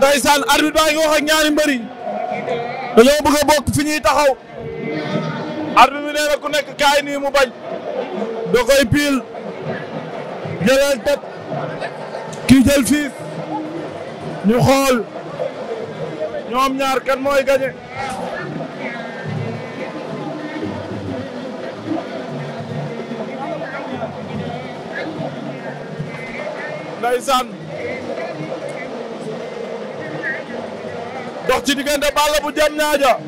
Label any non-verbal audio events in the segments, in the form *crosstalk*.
ndeysaan arbitre baa ngi wax ak ñaari mbëri dañoo bokk fi ñuy taxaw arbitre bi nee ku nekk kaay nii mu bañ da koy piil jëlal tëb kii jël fiif ñu xool ñoom ñaar kan mooy gañe ndeysaan dox ci diggante Balla bu jam ñaaja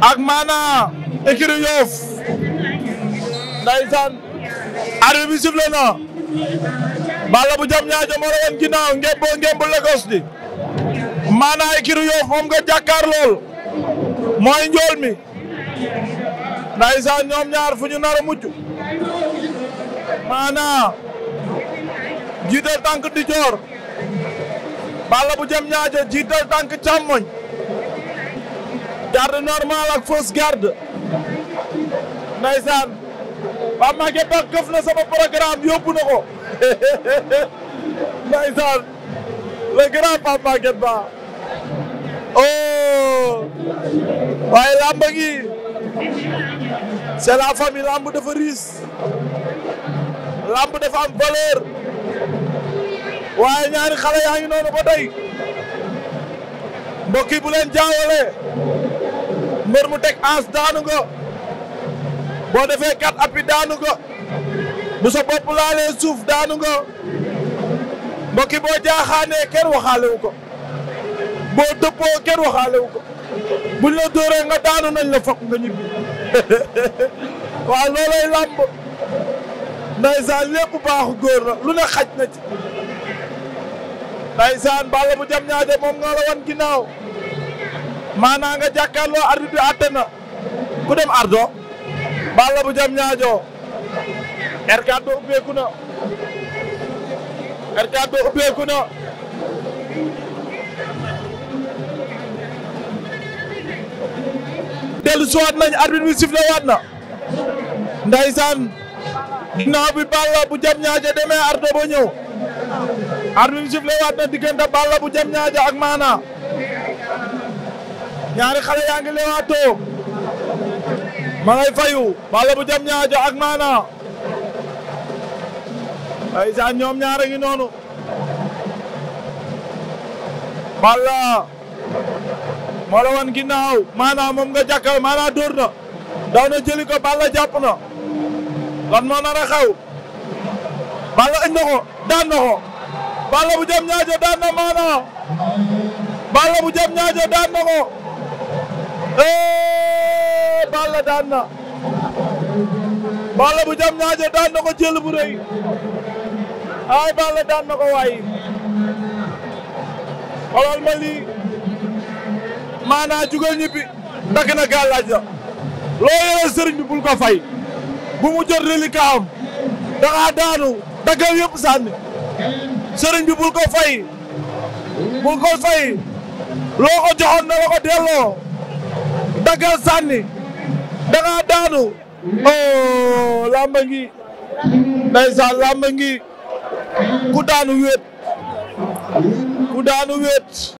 ak maana écurie Yoff ndeysaan arbitre bi sifflé na Balla bu jam ñaaja moo rawoon ginnaaw ngem boo ngem bu Lagos di maana écurie Yoff moom nga jàkkaar lool mooy njool mi ñoom ñaar fu ñu nar a maana jiital tànk di Balla bu jëm ñaajo jiital tànk càmmoñ garde normale ak fausse garde ndeysaan ba mage ba këf na sama programme yóbbu na ko *laughs* ndeysaan le grand Pape Maguette Ba oh waaye làmb gi c'est la famille làmb dafa riis làmb dafa am valeur waaye ñaari xale yaa ngi noonu ba tey mbokk yi bu leen jaawale mu teg ans daanu nga boo defee kat appi daanu nga bu sa bopp suuf daanu nga mbokk boo jaaxaane kenn waxaale wu ko boo dëppoo kenn waxaale wu ko buñ la dóoree nga daanu nañ la fokk nga ñibbi *laughs* waaw loolay làmb ndeysaan lépp baaxu góor la lu ne xaj na ci ndaysaan Balla bu jam ñaaje moom nga wan ginnaaw maanaa nga jàkkaarloo arbitre bi àtte na ku dem ardo Balla bu jam ñaajo R4 doo na R4 doo na dellu siwaat nañ arbitre bi sifflé waat na ndaysaan ginnaaw bi Balla bu jam ñaajo demee ardo ba ñëw arbitre bi sifflé waat na diggante Balla bu jam ñaaja ak Maana ñaari xale yaa ngi ma ngay fayu Balla bu jam ñaaja ak Maana ay sa ñoom ñaar a ngi noonu Balla moo la wan ginnaaw Maana moom nga jàkkal Maana dóor na daw na jëli ko Balla jàpp na lan moo nar a Balla ëñ na ko Balla bu ñaajo daan na maana Balla bu na Balla daan ñaajo daan na ko jël ay Balla daan na ko waay xoolal ma lii maana jugal ñibbi takk na gàllaaj la loo yore bu mu jot reliquat am daanu daggaw yëpp sànni sëriñ bi bul ko fay bul ko fay na la delloo daggal sànni da daanu oh lamba ngi ndeysaan lamba ngi ku daanu wéet ku daanu wéet